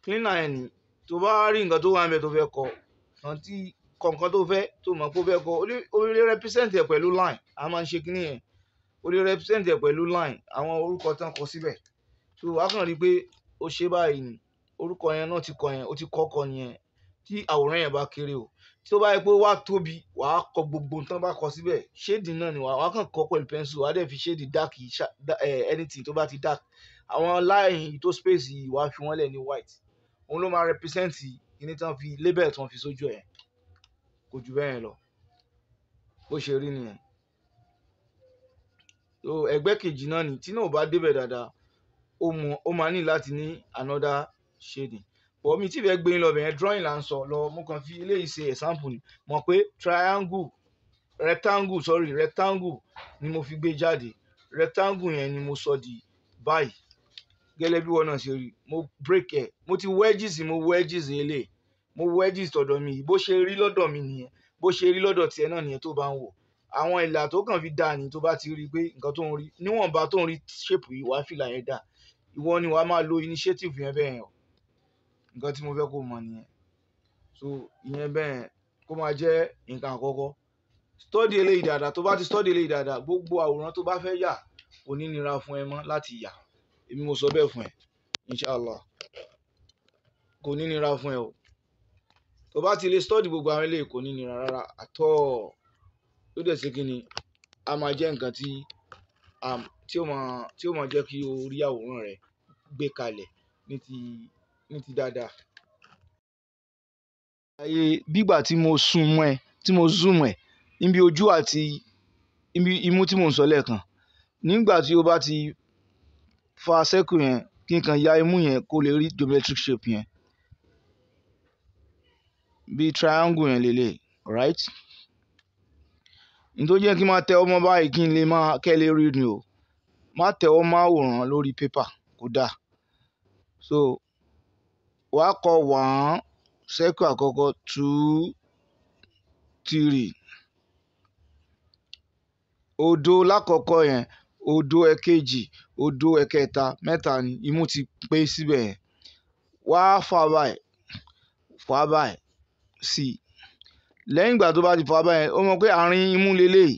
cleaner ẹ ní tó bá rí nǹkan tó wà ń bẹ tó fẹ́ kọ kan tí kọ̀ọ̀kan tó fẹ́ tó mọ̀ pé ó fẹ́ kọ ó lè represent ẹ pẹ̀lú line a máa ń ṣe kíní yẹn ó lè represent ẹ pẹ̀lú line àwọn orúkọ tán kọ síbẹ̀ so a kàn rí i pé o ṣe báyìí ni orúkọ yẹn náà ti kọ yẹn o ti kọ́ kọ yẹn tí àwòrán yẹn bá kéré o tí ó bá yẹ pé wá tóbi wà kọ gbogbo nǹkan bá kọ síbẹ̀ ṣéèdì náà ni wà á kàn kọ pẹ̀lú pẹ́ńsù wà á dẹ̀ fi ṣéèdì dark anything tó bá ti dark àwọn láàyìn tó space yìí wà á fi wọ́n lẹ̀ ní white òun ló máa represent kíní tán fi label tán fi sójú ẹ̀ kò jù bẹ́ẹ̀ lọ bó ṣe rí nìyẹn ẹgbẹ́ kejì náà ni tí náà ò bá débẹ̀ dáadáa ó mọ ó máa ní láti ní another shading but mi ti fẹ́ gbé yín lọ bẹ̀yẹn drawing là ń sọ lọ mo kàn fi eléyìí ṣe example ni mọ̀ pé triangle rectangle sorry rectangle ni mo fi gbé jáde rectangle yẹn ni mo sọ di báyìí gẹ́lẹ́ bí wọn náà ṣe rí mo break ẹ̀ mo ti wedges mo wedges ele mo wedges tọ̀dọ̀ mi bó ṣe rí lọ́dọ̀ mi nìyẹn bó ṣe rí lọ́dọ̀ tiẹ̀ náà nìyẹn tó bá ń wò àwọn ìlà tó kàn fi dáa ni tó bá ti rí i pé nǹkan tó ń rí níwọ̀nba tó ń rí shape yìí wàá fìlà yẹn dáa ìwọ ni wàá máa lo initiative yẹn bẹ́ẹ̀ yẹn nǹkan tí mo fẹ́ kó mọ̀ nìyẹn so ìyẹn bẹ́ẹ̀ kó máa jẹ́ nǹkan àkọ́kọ́ study eléyìí dáadáa tó bá ti study eléyìí dáadáa gbogbo àwòrán tó bá fẹ́ yà kò ní nira fún ẹ mọ́ láti yà èmi mo sọ bẹ́ẹ̀ fún ẹ inshallah kò ní nira fún ẹ o tó bá ti lè study gbogbo àwọn eléyìí kò ní nira rárá àtọ́ ó dẹ̀ ṣe kí ni a máa jẹ́ nǹkan tí um, tí ó máa tí ó máa jẹ́ kí o rí àwòrán rẹ gbé kalẹ̀ ní ti ní ti dáadáa. Ààyè bí ìgbà tí mo sún mọ́ ẹ, tí mo zoom ẹ, níbi ojú àti níbi imú tí mò ń sọ lẹ́ẹ̀kan. Nígbà tí ó bá ti fa circle yẹn, kí nǹkan ya imú yẹn kó lè rí geometric shape yẹn. Bí triangle yẹn leleyi, alright? N tó jẹ́ kí n máa tẹ ọmọ báyìí kí n lè máa kẹ́ lè rí ni o má tẹ̀wọ́ máwòrán lórí pépà kò dáa. So wàá kọ one, circle àkọ́kọ́ two, three. Òdo lákọ̀ọ́kọ́ yẹn, odo èkejì, odo ẹ̀kẹta, mẹ́ta ni imú ti pé síbẹ̀ yẹn. Wàá fà báyìí, fà báyìí sí i. Lẹ́yìn ìgbà tó bá ti fà báyìí, o mọ̀ pé àárín imú leleyii,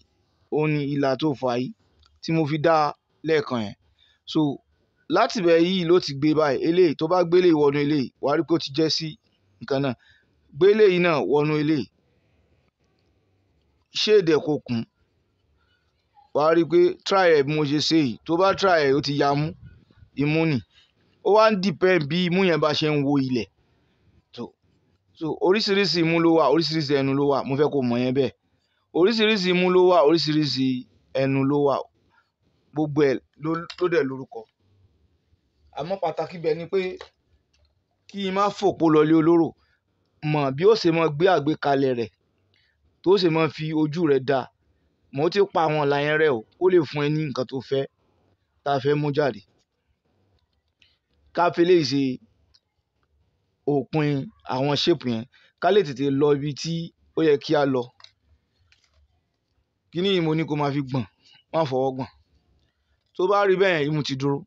òun ni ìlà tó fà yìí tí mo fi dá lẹ́ẹ̀kan yẹn so láti ibẹ̀ yìí ló ti gbé báyìí eléyìí tó bá gbélé wọnú eléyìí wàá rí pé ó ti jẹ́ sí nǹkan náà gbélé yìí náà wọnú eléyìí ṣéèdì ẹ̀ kò kún wàá rí pé try ẹ̀ bí mo ṣe ṣe yìí tó bá try ẹ̀ ó ti ya mú imú nì ó wá ń depend bí imú yẹn bá ṣe ń wo ilẹ̀ so so oríṣiríṣi imú ló wà oríṣiríṣi ẹnu ló wà mo fẹ́ kó mọ̀ yẹn bẹ́ẹ̀ oríṣiríṣi imú ló wà oríṣiríṣi ẹnu ló wà gbogbo ẹ̀ ló dẹ̀ lórúkọ àmọ́ pàtàkì bẹ̀ ni pé kí n má fòpó lọlé olóró mọ̀ bí ó ṣe máa gbé àgbékalẹ̀ rẹ̀ tó ṣe máa fi ojú rẹ̀ dá mọ̀ ó ti pa àwọn ọ̀la yẹn rẹ̀ o ó lè fún ẹ ní nǹkan tó fẹ́ tá a fẹ́ mú jáde ká fi lè ṣe òpin àwọn ṣépù yẹn ká lè tètè lọ ibi tí ó yẹ kí a lọ kíní yìí mo ní kó máa fi gbọ̀n má fọwọ́ gbọ̀n tó bá rí bẹ́ẹ̀ imú ti dúró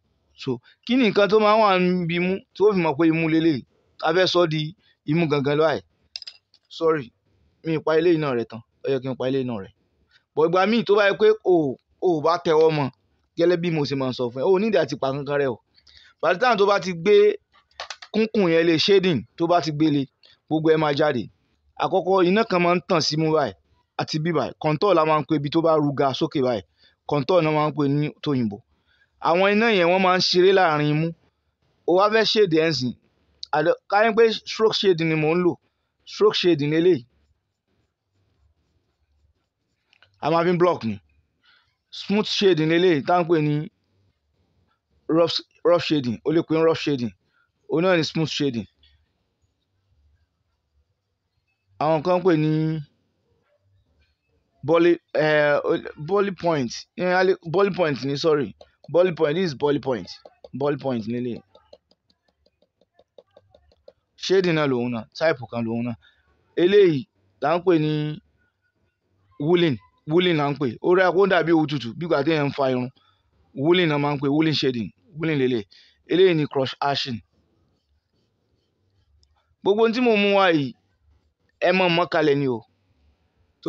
so kí ni nǹkan tó máa wà níbi imú tí ó fi mọ̀ pé imú lélẹ̀ a fẹ́ di imú gangan lọ́àì sorry mi ì pa eléyìí náà rẹ̀ tán ó yẹ kí n pa eléyìí náà rẹ̀ bọ̀ ìgbà míì tó bá yẹ pé o ò bá tẹwọ́ mọ́ gẹ́lẹ́ bí mo ṣe máa ń sọ fún ẹ o nídìí àti pa kankan rẹ o bàtí táwọn tó bá ti gbé kúnkùn yẹn lé shading tó bá ti gbélé gbogbo ẹ máa jáde àkọ́kọ́ iná kan máa ń tàn sí mú báyìí àti bí báyìí kọ́ńtọ̀ la máa ń pe ibi tó bá ruga sókè báyìí contour náà máa ń pè ní tòyìnbó. Àwọn iná yẹn wọ́n máa ń ṣeré láàárín imú. O wá fẹ́ shade ẹ̀ ń sìn. Ká pé stroke shade ni mò ń lò, stroke shade ni eléyìí. A block ni. Smooth shade ni eléyìí tá ń pè ní rough, rough shading. O lè pè é rough shading. Òun náà ni smooth shading. Àwọn kan ń pè ní volley eh, eh, ni sorry point this is volley point volley point nílé shading náà lòun náà type kan wulin, na eléyìí là ń pè ní woolen woolen là ń pè ó irun na ma npe, shading ni crush ashen gbogbo tí mo ẹ ni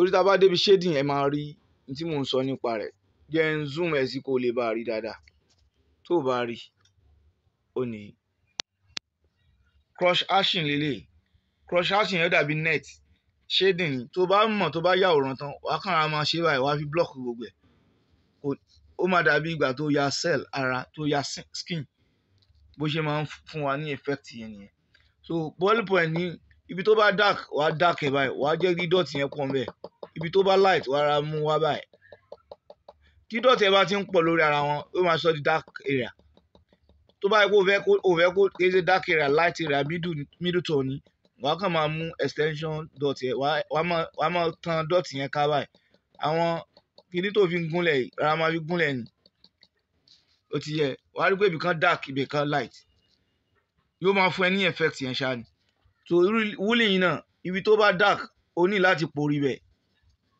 torí tá a bá débi shading ẹ máa rí ní tí mò ń sọ nípa rẹ̀ jẹ́ ń zoom ẹ̀ sí kó lè bá a rí dáadáa tó o bá rí ó ní crush hashing lélẹ̀ crush hashing yẹn dàbí net shading ni tó bá mọ̀ tó bá yàwòrán tán wàá kàn án máa ṣe báyìí wàá fi block gbogbo ẹ̀ kò ó máa dàbí ìgbà tó ya cell ara tó ya skin bó ṣe máa ń fún wa ní effect yẹn nìyẹn so ball point ní ibi tó bá dark wà á dark ẹ̀ báyìí wà á jẹ́ kí dọ́ọ̀tì yẹn pọ̀ ńbẹ̀ ibi tó bá light wà á ra mú wá báyìí tí dọ́ọ̀tì ẹ̀ bá ti ń pọ̀ lórí ara wọn ó máa sọ di dark area tó bá yẹ kó fẹ́ kó o fẹ́ dark area light area middle middle tone ni wàá kàn máa mú extension dot yẹn wàá máa tan dot yẹn ká báyìí àwọn kíní tó fi ń gúnlẹ̀ yìí ara máa fi gúnlẹ̀ ni ó ti yẹ wàá rí pé ibìkan dark ibìkan light yóò máa fún ẹ ní effect yẹn ṣáà ni so wúlì yìí náà ibi tó bá dark o ní láti pòrí bẹ̀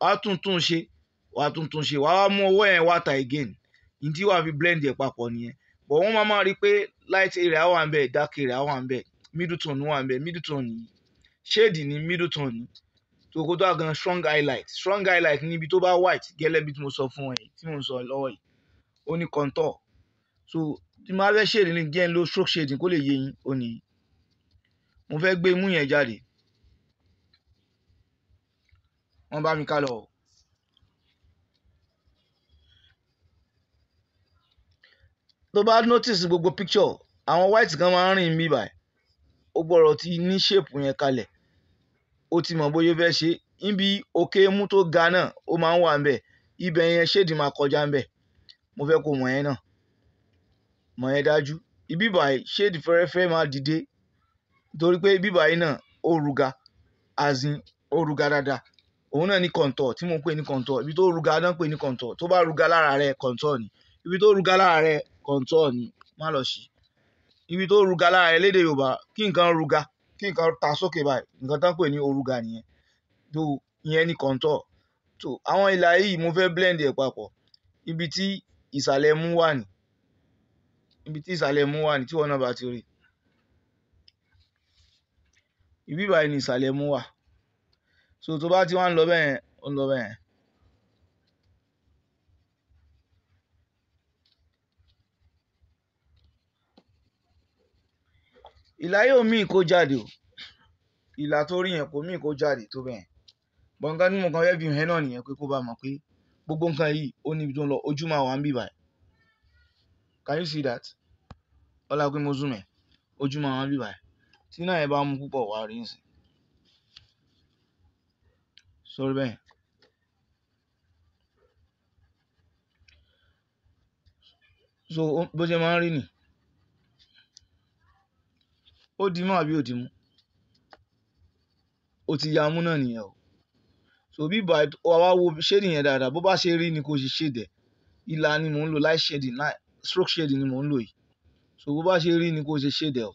wá tuntun ṣe wá tuntun ṣe wá wá mú ọwọ́ yẹn wá again ní tí wàá fi blend yẹn papọ̀ nìyẹn but wọ́n máa máa rí i pé light area wà ń bẹ̀ dark area wà ń bẹ̀ middle tone wà ń bẹ̀ middle tone yìí shade ní middle tone ní tòkó tó àgàn strong highlight strong highlight ní ibi tó bá white gẹ́lẹ́ bí mo sọ fún ẹ tí mo sọ lọ́wọ́ yìí ó ní contour so tí mo bá fẹ́ shade ní jẹ́ ń lo stroke shading kó lè yé yín ó nìyí mo fẹ́ gbé imú yẹn jáde wọ́n bá mi ká lọ. tó bá notice gbogbo picture àwọn white kan máa ń rìn mí báyìí ó gbọ́dọ̀ ti ní shape yẹn kalẹ̀ ó ti mọ̀ bóyá fẹ́ ṣe níbi òkè mú tó ga náà ó máa ń wà ń ibẹ̀ yẹn ṣéèdì máa kọjá ń mo fẹ́ kó mọ̀ yẹn náà mọ̀ yẹn dájú ibi báyìí ṣéèdì fẹ́rẹ́fẹ́ máa dìde torí pé bíbá yìí náà ó ruga azin ó ruga dáadáa òun náà ní kọ̀ǹtọ̀ tí mo pè ní kọ̀ǹtọ̀ ibi tó ruga náà pè ní kọ̀ǹtọ̀ tó bá ruga lára rẹ kọ̀ǹtọ̀ ni ibi tó ruga lára rẹ kọ̀ǹtọ̀ ni má lọ sí ibi tó ruga lára rẹ léde Yorùbá kí nǹkan ruga kí nǹkan ta sókè báyìí nǹkan tán pè ní oruga nìyẹn tó ìyẹn ní kọ̀ǹtọ̀ tó àwọn ìlà yìí mo fẹ́ blend ẹ̀ papọ̀ ibi tí ìsàlẹ̀ mú wà ní ibi tí ìsàlẹ̀ mú wà ní tí wọn náà bá ti rí ibi ìbáyìí ni ìsàlẹ̀ mú wà so tó bá ti wá ń lọ bẹ́ẹ̀ ó ń lọ bẹ́ẹ̀. ìlà yóò mí jáde o ìlà tó rí yẹn kò mí kó jáde tó bẹ́ẹ̀ gbọ̀ngàn nínú kan fẹ́ fi hàn náà nìyẹn pé kó bá mọ̀ pé gbogbo nǹkan yìí ó níbi tó ń lọ ojú máa wà ń bì báyìí can you see that ọlá pé mo zoom ẹ ojú máa wà ń bì báyìí tí náà yẹn bá mú púpọ̀ wá rí nsìn sórí bẹ́ẹ̀ so bó ṣe máa ń rí nì ó di mú àbí ó di mú ó ti ya mú náà nìyẹn o so bí ìbá wa wo ṣéèdì yẹn dáadáa bó bá ṣe rí ni kò ṣe ṣèdẹ̀ ìlà ni mò ń lò light shading stroke shading ni mò ń lò yìí so bó bá ṣe rí ni kò ṣe ṣèdẹ̀ o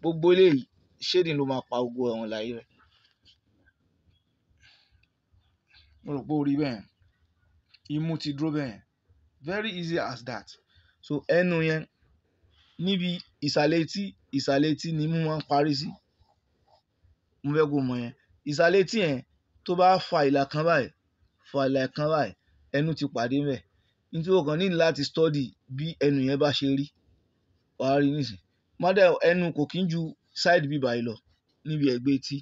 Gbogbo eléyìí shading ló máa pa gbogbo ọ̀run láyé rẹ̀. Mo rò pé o bẹ́ẹ̀. Imú ti dúró bẹ́ẹ̀. Very easy as that. So ẹnu yẹn níbi ìsàlẹ̀ etí, ìsàlẹ̀ etí ni imú máa ń parí sí. Mo fẹ́ ko mọ̀ yẹn. Ìsàlẹ̀ etí yẹn tó bá fa ìlà kan báyìí, fa ìlà kan báyìí, ẹnu ti pàdé ńbẹ̀. Nítorí o kàn láti study bí ẹnu yẹn bá ṣe rí. Wà rí nísìnyí model ẹnu kò kí ń ju side bí báyìí lọ níbi ẹ̀gbẹ́ etí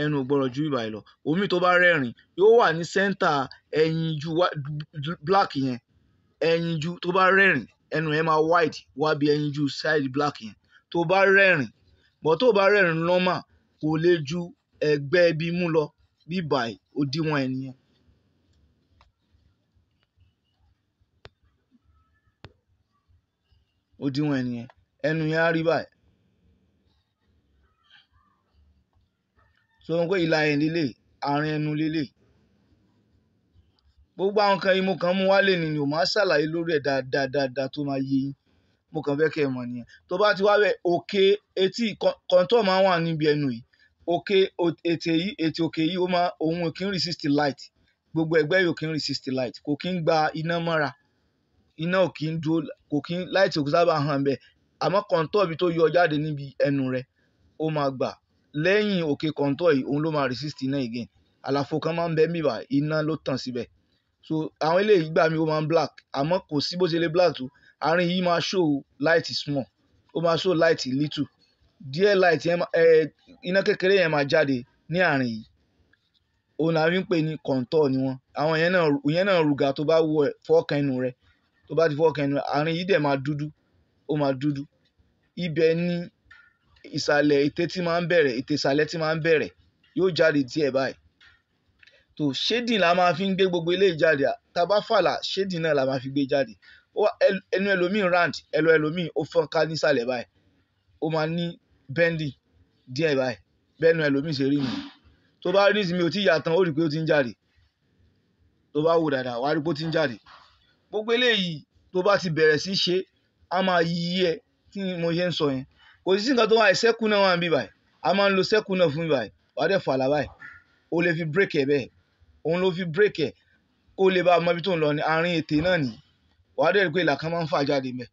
ẹnu ò gbọ́dọ̀ ju bí báyìí lọ omi tó bá rẹ́rìn yóò wà ní center ẹyin ju black yẹn ẹyin ju tó bá rẹ́rìn ẹnu yẹn máa wide wá bí ẹyin ju side black yẹn tó bá rẹ́rìn bọ́ tó bá rẹ́rìn normal kò lè ju ẹ̀gbẹ́ bí lọ bí báyìí òdiwọ̀n ẹnìyẹn òdiwọ̀n ẹ̀ nìyẹn ẹnu yẹn á rí báyìí. so pé ìlà ẹ̀yìn lélẹ̀ àárín ẹnu lélẹ̀ gbogbo àwọn nǹkan yìí mo kàn mú wálé ni o máa ṣàlàyé lórí ẹ̀ dáadáa dáadáa tó máa yé yín mo kàn fẹ́ kẹ́ ẹ mọ̀ nìyẹn tó bá ti wá bẹ̀ òkè etí kọ̀ǹtọ̀ máa wà níbi ẹnu yìí òkè ètè yìí ètè òkè yìí òun kì í resist light gbogbo ẹgbẹ́ yìí ò kì í resist light kò kì í gba iná mọ́ra iná ò kí ń dúró kò kí ń láìtì òkú sábà hàn bẹ́ẹ̀ àmọ́ kọ̀ǹtọ̀ ibi tó yọ jáde níbi ẹnu rẹ̀ ó máa gbà lẹ́yìn òkè kọ̀ǹtọ̀ yìí òun ló máa resist iná again àlàfo kan máa ń bẹ mìíràn iná ló tàn síbẹ̀ so àwọn eléyìí gbà mí ó máa ń black àmọ́ kò sí bó ṣe lè black tó àárín yìí máa show light small ó máa show light little díẹ̀ light yẹn ẹ iná kékeré yẹn máa jáde ní àárín yìí òun làwọn ń pè ní kọ̀ǹtọ̀ ni wọn àwọn yẹn náà yẹn náà rùgà tó bá wọ fọ́ọ̀kan inú rẹ̀ tó bá ti fọwọ́ kan ẹnu àárín yìí dẹ̀ máa dúdú ó máa dúdú ibẹ̀ ni ìsàlẹ̀ ètè tí máa ń bẹ̀rẹ̀ ètè ìsàlẹ̀ tí máa ń bẹ̀rẹ̀ yóò jáde díẹ̀ báyìí tó ṣédì la máa fi ń gbé gbogbo eléyìí jáde tá a bá fàlà ṣédì náà la máa fi gbé jáde ẹnu ẹlòmíì round ẹlò ẹlòmíì ó fọ́n ká nísàlẹ̀ báyìí ó máa ní bending díẹ̀ báyìí bẹ́ẹ̀ nu ẹlòmíì ṣe rí mi tó bá rí nísìnyí mi ò tí ì yà ó rí i pé ó ti ń jáde tó bá wò dáadáa wàá rí pé ó ti ń jáde gbogbo eléyìí tó bá ti bẹ̀rẹ̀ sí ṣe á máa yí ẹ tí mo ṣe ń sọ yẹn kò sí nǹkan tó wà sẹ́kù náà wà ń bí báyìí a máa ń lo sẹ́kù náà fún báyìí wà á dẹ̀ fàlà báyìí o lè fi bírèkì ẹ̀ bẹ́ẹ̀ òun ló fi bírèkì ẹ̀ kó lè bá a mọ ibi tó ń lọ ní àárín ètè náà nìyí wà á dẹ̀ rí pé ìlà kan máa ń fà jáde mẹ́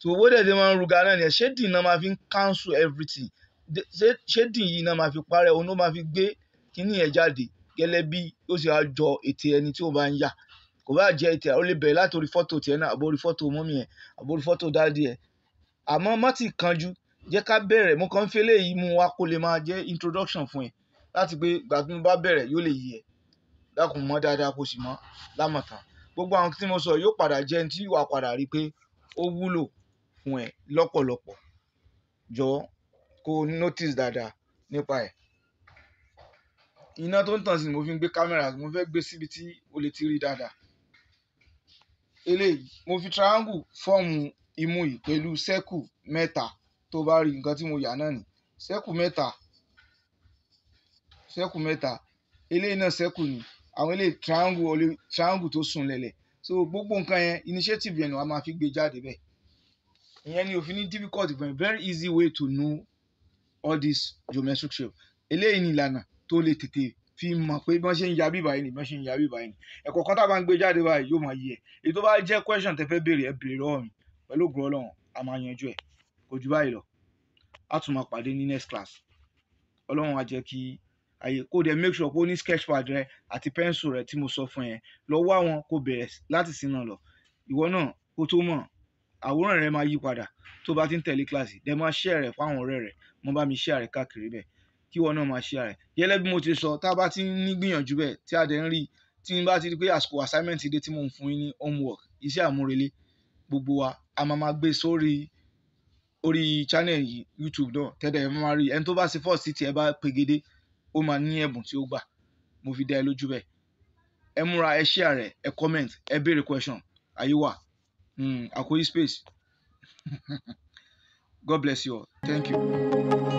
tó owó dẹ̀ ti máa ń ruga náà nìyẹn ṣédì náà máa fi cancel everything ṣédì yìí náà máa fi parẹ́ òun ló máa fi gbé kíní ẹ̀ jáde gẹ́lẹ́ bí ó sì á jọ ètè ẹni tí ó bá ń yà kò bá jẹ́ tiẹ̀ ó lè bẹ̀rẹ̀ látòrí fọ́tò tiẹ̀ náà àbórí fọ́tò mọ́mì ẹ̀ àbórí fọ́tò dáàdì ẹ̀ àmọ́ má ti kanjú jẹ́ ká bẹ̀rẹ̀ mo kàn ń fi eléyìí mú wa kó lè máa jẹ́ introduction fún ẹ láti pé gbà tí mo bá bẹ̀rẹ̀ yóò lè yí ẹ dákun mọ́ dáadáa kó sì mọ́ lámọ̀tán gbogbo àwọn tí mo sọ yóò padà jẹ́ ní tí wàá padà rí pé ó wúlò fún ẹ lọ́pọ̀lọpọ̀ jọ̀wọ́ kó o notice dáadáa nípa ẹ̀ iná tó ń tàn sí ni mo fi ń gbé kámẹ́rà mo fẹ́ gbé síbi tí o lè ti rí dáadáa eléyìí mo fi triangle fọ́ọ̀mù imú yìí pẹ̀lú circle mẹ́ta tó bá rí nǹkan tí mo yà náà ni circle mẹ́ta circle mẹ́ta eléyìí náà circle ni àwọn eléyìí triangle olè triangle tó sùn lẹ̀lẹ̀ so gbogbo nǹkan yẹn initiative yẹn ni wàá máa fi gbé jáde bẹ́ẹ̀ ìyẹn ni òfin ní difficult but very easy way to know all this geometric shape eléyìí ni ìlànà tó lè tètè fi mọ̀ pé bí wọ́n ṣe ń ya bíbá yìí ni bí wọ́n ṣe ń ya bíbá yìí ni ẹ̀kọ́ kan tá a bá ń gbé jáde báyìí yóò máa yé ẹ̀ èyí tó bá jẹ́ question tẹ́ fẹ́ béèrè ẹ béèrè lọ́wọ́ mi pẹ̀lú ògùn ọlọ́run a máa yanjú ẹ̀ kò jù báyìí lọ a tún máa pàdé ní next class ọlọ́run á jẹ́ kí àyè kó dẹ̀ make sure pé ó ní sketchpad rẹ àti pencil rẹ tí mo sọ fún ẹ lọ wá wọn kó bẹ̀rẹ̀ láti sin náà lọ ìwọ náà kó tó mọ̀ àwòrán rẹ máa yí padà tó bá ti ń tẹ̀lé kíláàsì dẹ̀ máa share rẹ̀ fáwọn ọ̀rẹ́ rẹ̀ mo bá mi share rẹ̀ káàkiri bẹ́ẹ̀ kí wọn náà máa ṣe àrẹ gẹ́lẹ́ bí mo ti sọ tá a bá ti ní gbìyànjú bẹ́ẹ̀ tí a dẹ̀ ń rí tí n bá ti rí pé àsìkò assignment dé tí mo ń fún yín ní homework iṣẹ́ àmúrelé gbogbo wa a máa máa gbé sórí orí channel yìí YouTube náà tẹ́lẹ̀ ẹ máa rí ẹni tó bá ṣe first tí ẹ bá pegedé ó máa ní ẹ̀bùn tí ó gbà mo fi dá ẹ lójú bẹ́ẹ̀ ẹ múra ẹ share rẹ ẹ comment ẹ béèrè question àyè wà hmm, àkóyí space God bless you all thank you.